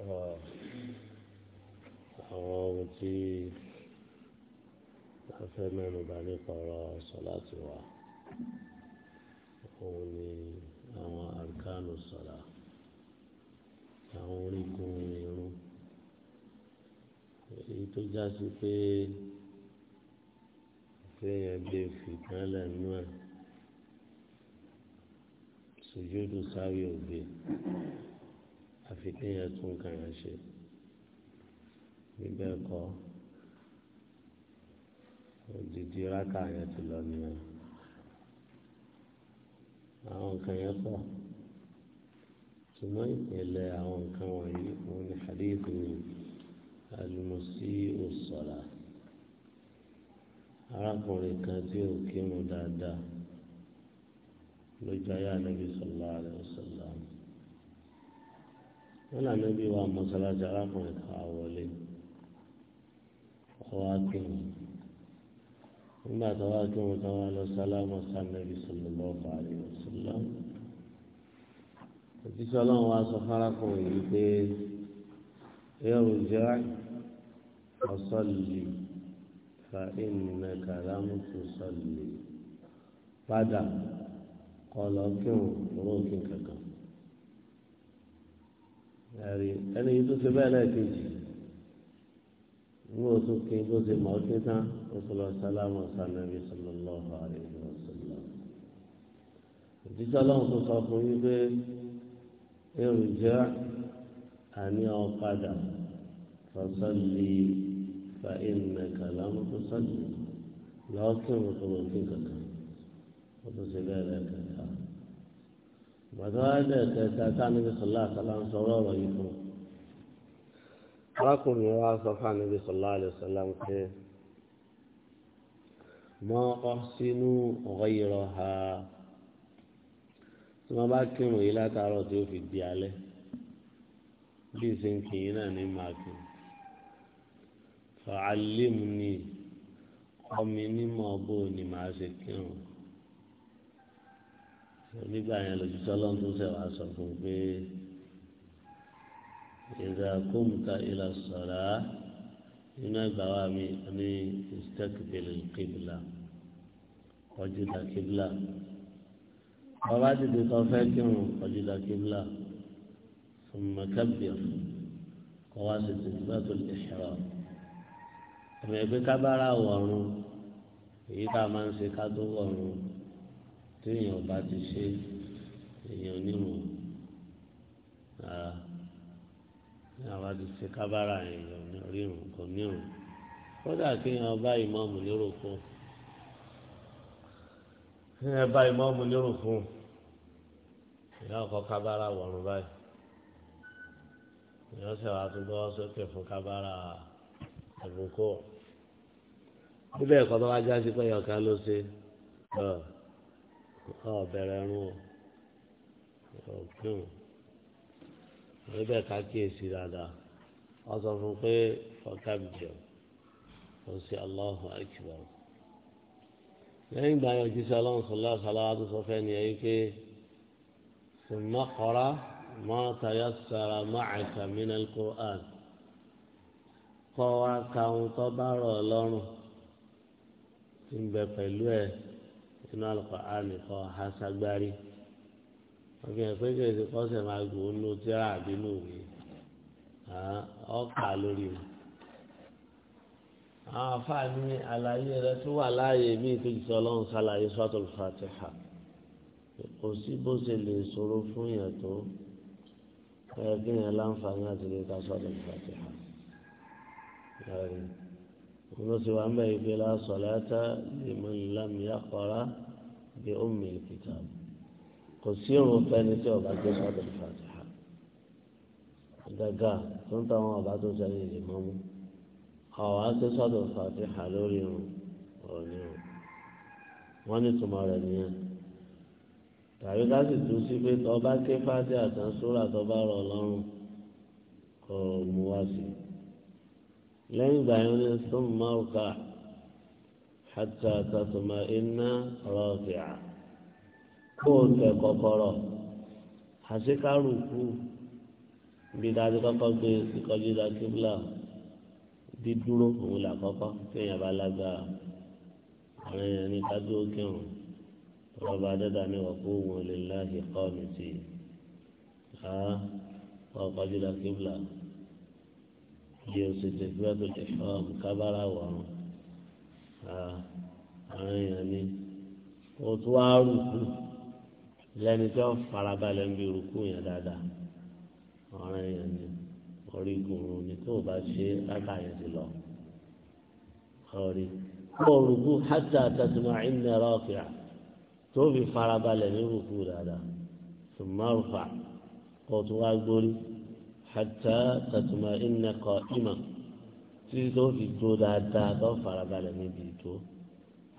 Ah, àwọn ohun tí a fẹ́ mẹ́nu bà nípa ọ̀rọ̀ sọ̀láàtì wa òun ni àwọn àrùkánù sọ̀lá àwọn orígun irun èyí tó já sí pé kéèyàn lè fìkan lẹ́nu ẹ̀ sojúdù sáré òbí àfi kéèyàn tún nǹkan yẹn ṣe bíbẹ́ kọ́ odidi rákà yẹn ti lọ nìyẹn àwọn nǹkan yẹn pọ̀ ṣùgbọ́n ìpìlẹ̀ àwọn nǹkan wọ̀nyí òun ni hadith ni alimusi osola arákùnrin kan tí ò kírun dáadáa lójú ayé anabi sallallahu alaihi wasallam wọn là níbi wa mọ́sálásí arákùnrin kan àwọlé ọwọ́ akéwọn nígbà tó wá kí wọn tó wá lọ sálámù sànẹbi sọlọlọ fàáyé ọsọlọ òjíṣẹ́ Ọlọ́run wa sọ fárákùnrin yìí pé yóò jẹ ọsọlì fa ìnìyàn kàlámù tó sọlì padà kọlọ kí wọn kúrò kí n kankan ẹ̀rí ẹni yìí tó ṣe bẹ́ẹ̀ lẹ́ẹ̀kejì níwọ̀n tó kí bó ṣe mọ̀ ọ́ kí tán ó sọ lọ sálámù sànàbí sallallahu alaihi wasallam. òjíṣẹ́ ọlọ́run tó sọ fún yín pé èrò àní ọ̀padà fasalli fa innaka lam tusalli lọ́ọ́ kí òun kankan ó tó ṣe bẹ́ẹ̀ lẹ́ẹ̀kẹta gbàdúrà ẹ̀dẹ̀ kẹta sànìbí sọlá àtàlà ń sọ ọ̀rọ̀ yìí fún un. arákùnrin wa sọ fún ànìbí sọlá àlùsọlá ń pẹ́ mọ́ ọ sínú ọ̀rọ̀ yìí rọ̀ ha tí wọ́n bá kírun yìí látàárọ̀ tí ó fi di alẹ́ bí ìsìnkì yìí náà ní máa kírun. fàálímù ni ọmọ ní mọ̀ ni màá ṣe kírun nígbà yẹn lójútọ́ lọ́n tó ṣe wàá sọ fún un pé ìdá kóńtà ìlà sọ̀rá nínú ẹgbà wa mi ní ìsítẹ́kìtìlì kébìlà ọjìdà kébìlà ọba dìde kan fẹ́ kírun ọjìdà kébìlà fún mọ́kàbíà kọ́ wá sí tìtìbá tó lè ṣẹ̀rọ. ọmọ ẹgbẹ́ kábàárà wọ̀ọ̀run èyí tá máa ń ṣe ká tó wọ̀ọ̀run téèyàn ò bá ti ṣe èèyàn onímọ̀ ara ní àwa ti ṣe kábàárà èèyàn onírun kò nírun kódà kéèyàn bá ìmọ̀ọ́mù lérò fún kéèyàn bá ìmọ̀ọ́mù lérò fún ìyá ọkọ kábàárà wọ̀run báyìí ìyá ọsẹ wa tó gbọ́ sókè fún kábàárà àbùkù bíbẹ̀ ẹ̀kọ́ tó wájú àti pé ẹ̀yọ̀ká ló ṣe ọ bẹ̀rẹ̀ ẹ̀rùn o ọ̀gbìn níbẹ̀ ká kíyèsí dáadáa wọ́n sọ fún pé ọ̀ká bìjọ kò sí Allahu akbar lẹ́yìn ìgbà yẹn òjíṣẹ́ ọlọ́run sọlá sọlá wa tó sọ fẹ́ ni ẹ̀yìn pé sùnmọ́ kọ́ra mọ́ tayọ́ sara mọ́ àìsàn mí nà Al-Qur'an kọ́ wa ka ohun tó bá rọ̀ ọ́ lọ́rùn ń bẹ pẹ̀lú ẹ̀ sínú Al-Qur'ani kọ́ hasagbari wọ́n fi hàn pé kí èsì kọ́sẹ̀ máa gbòó nù tíra àbí nù wí ọkà lórí o àwọn afáàní àlàyé rẹ tó wà láàyè mí tó ti sọ ọlọ́run sàlàyé sọ́tò fàtìhà kò sí bó ṣe lè sọ̀rọ̀ fún yẹn tó ẹ yẹn láǹfààní àti lè ta sọ́tò fàtìhà. ونسوى ما بلا صلاة لمن لم يقرأ بأم الكتاب قصير فانسي وبعد صلاة الفاتحة دقا كنت أما بعد سنة الإمام أو عاد صلاة الفاتحة لوريهم ونيهم ونتما رنيا tàbí ká sì tún sí pé tọba ké fáti àtànsóra tọba rọ ọlọ́run kò mú wá sí i lẹ́yìn ìgbà yẹn ní súnmọ́ ọ̀ka hàtà tàtùmọ̀ iná rọ̀bìà kó o tẹ kọ́kọ́rọ́ àṣekárùkù bí dájú kọ́kọ́ gbé ìkọjú ìdá kíbla dídúró òun là kọ́kọ́ kéèyàn bá lágbára àwọn èèyàn ní kájú òkè hàn rọba dẹ́dà ní wàkú wọn lè láàyè kọ́ mi sí i ọkọjú ìdá kíbla bí o sì tẹ̀síwá tó lè fọ́ kábàárà wọ̀rùn àwọn èèyàn ni o tún wá rùkú lẹ́ni tí wọ́n farabalẹ̀ ń bi rùkú yẹn dáadáa àwọn èèyàn ni orí gùnrùn ni tó o bá ṣe látàyè ti lọ ọ̀rí kó o rùkú hátà tàtùmọ̀ ìnira rọ́ọ̀kìá tó fi farabalẹ̀ ní rùkú dáadáa tùmọ̀ rùfà kó tún wá gbórí hàtà tàtùmá iná kọ ìmọ̀ títí tó fi dúró dáadáa tó farabalẹ̀ níbi ìtó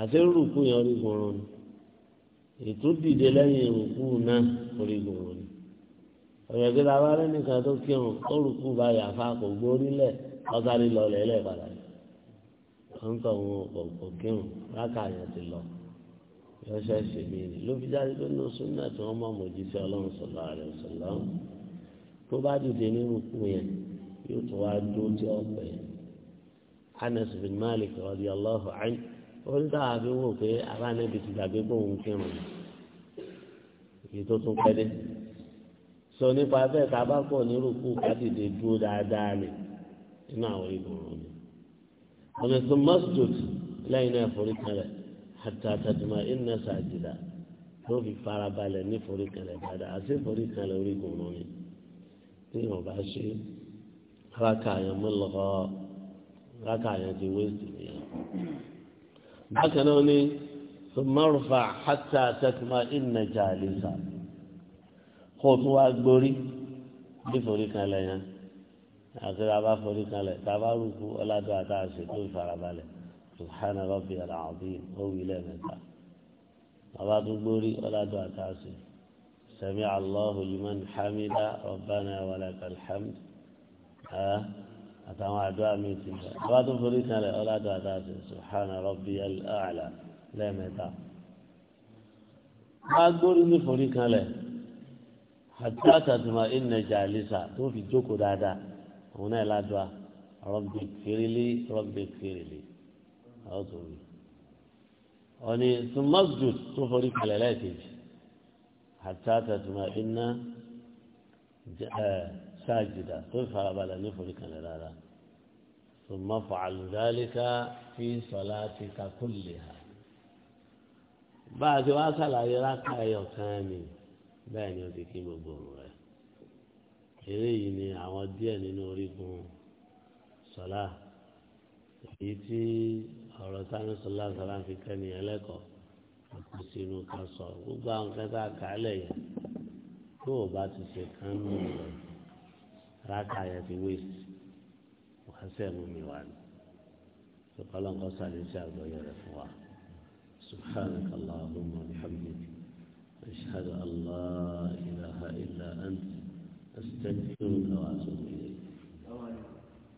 àti rúkú yẹn orígun ọrùn ni ètò dìde lẹ́yìn rúkú náà orígun ọrùn ni ọ̀rọ̀ ìgbé ta bá rẹ́ nìkan tó kírun ó rúkú bá yàfa kò gbórí lẹ̀ ọ̀sáré lọlẹ̀ ẹ̀ padà ń tọ̀ wọn kò kírun rákà yẹn ti lọ yọ ṣẹ́ṣẹ́ mi ni ló fi jáde pé ní oṣù náà tí wọ́n mọ̀ mọ́ jíṣẹ́ ọlọ́run sọ̀rọ̀ àrẹ̀ sọ̀rọ̀ tó bá dìde nínú kú yẹn yóò tó wá dó tí ó pè é Anas bin Malik radiyallahu anhu a àfi wò pé a ti dàbí bóun kírun èyí tó tún pẹ́ dé sọ nípa bẹ́ẹ̀ tá a bá pọ̀ nírú kú ká dìde dúró dáadáa ni nínú àwọn ìgbọràn mi ọ̀nà tó masjid lẹ́yìn náà forí kalẹ̀ tó fi ní forí àti forí orí tí yóò bá ṣe rákà yẹn mú lọ́kọ́ rákà yẹn ti wéèsì nìyẹn. bákan náà ni mọ́rùfà hátà tẹ́kùmá ìnàjà àlèsà kó o tún wá gbórí bí forí kan lẹ̀ yẹn àti tá a bá forí kan lẹ̀ rúkú ọládùn àti àṣetò ìfarabalẹ̀ subhana rabbiyal azim ó wí lẹ́ẹ̀mẹ́ta tá a bá tún سمع الله لمن حمد ربنا ولك الحمد ها أتوا دعاء من سنة بعد فريقنا لأولا دعاء سبحان ربي الأعلى لا متى ما أقول إن فريقنا له حتى تطمئن جالسا تو في جوكو دادا هنا لا دعاء ربي اغفر لي ربي اغفر لي أعوذ بالله ثم اسجد تو فريقنا لا تجي hatta tatma'inna sáàjìdá tó farabalẹ̀ ní foríkanlẹ̀ rárá thumma fa'al dhalika fi salatika kulliha bá a ti wá sàlàyé rákà ẹyọ kan ni bẹ́ẹ̀ ni ó ti kí gbogbo òun rẹ̀ eré yìí ni àwọn díẹ̀ nínú orígun sọlá èyí tí ọ̀rọ̀ táwọn sọlá sọlá fi kẹ́ni ẹlẹ́kọ̀ọ́. sínú ká sọ gbogbo àwọn kẹta kálẹ̀ yẹn tó o bá ti ṣe kán nù rẹ̀ rákà yẹn ti wéṣì mi wá ní. سبحانك اللهم وبحمدك أشهد أن لا إله إلا أنت أستغفرك وأتوب إليك